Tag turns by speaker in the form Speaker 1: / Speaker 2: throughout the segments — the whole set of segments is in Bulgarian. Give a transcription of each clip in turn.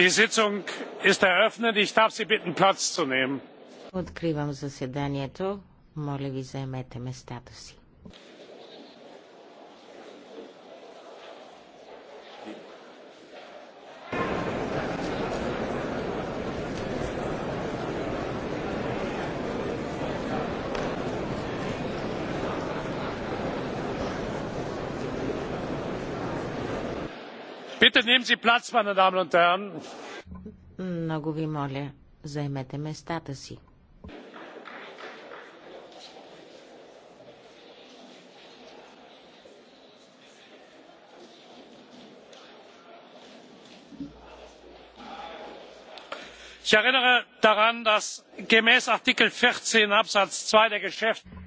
Speaker 1: Die Sitzung ist eröffnet. Ich darf Sie bitten, Platz zu nehmen.
Speaker 2: Откривам заседанието. Моля ви, заемете местата си.
Speaker 3: Bitte nehmen Sie Platz, meine Damen und Herren.
Speaker 2: Много ви моля, заемете местата си.
Speaker 4: Ich erinnere daran, dass gemäß Artikel 14 Absatz 2 der Geschäftsordnung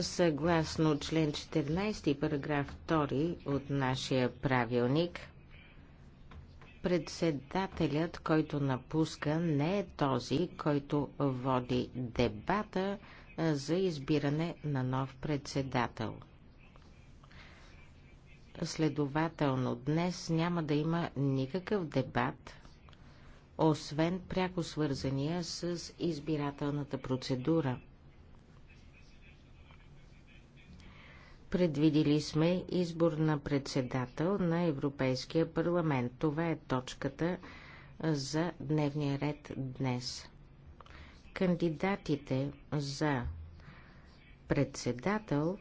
Speaker 2: Съгласно член 14 параграф 2 от нашия правилник, председателят, който напуска, не е този, който води дебата за избиране на нов председател. Следователно, днес няма да има никакъв дебат, освен пряко свързания с избирателната процедура – Предвидили сме избор на председател на Европейския парламент. Това е точката за дневния ред днес. Кандидатите за председател